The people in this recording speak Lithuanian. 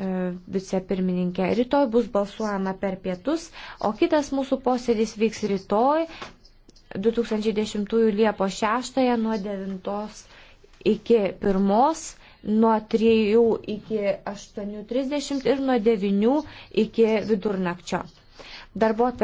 E, vicepirmininkė. Rytoj bus balsuojama per pietus, o kitas mūsų posėdis vyks rytoj 2010 Liepo 6 nuo 9 iki 1, nuo 3 iki 8.30 ir nuo 9 iki vidurnakčio. Darbo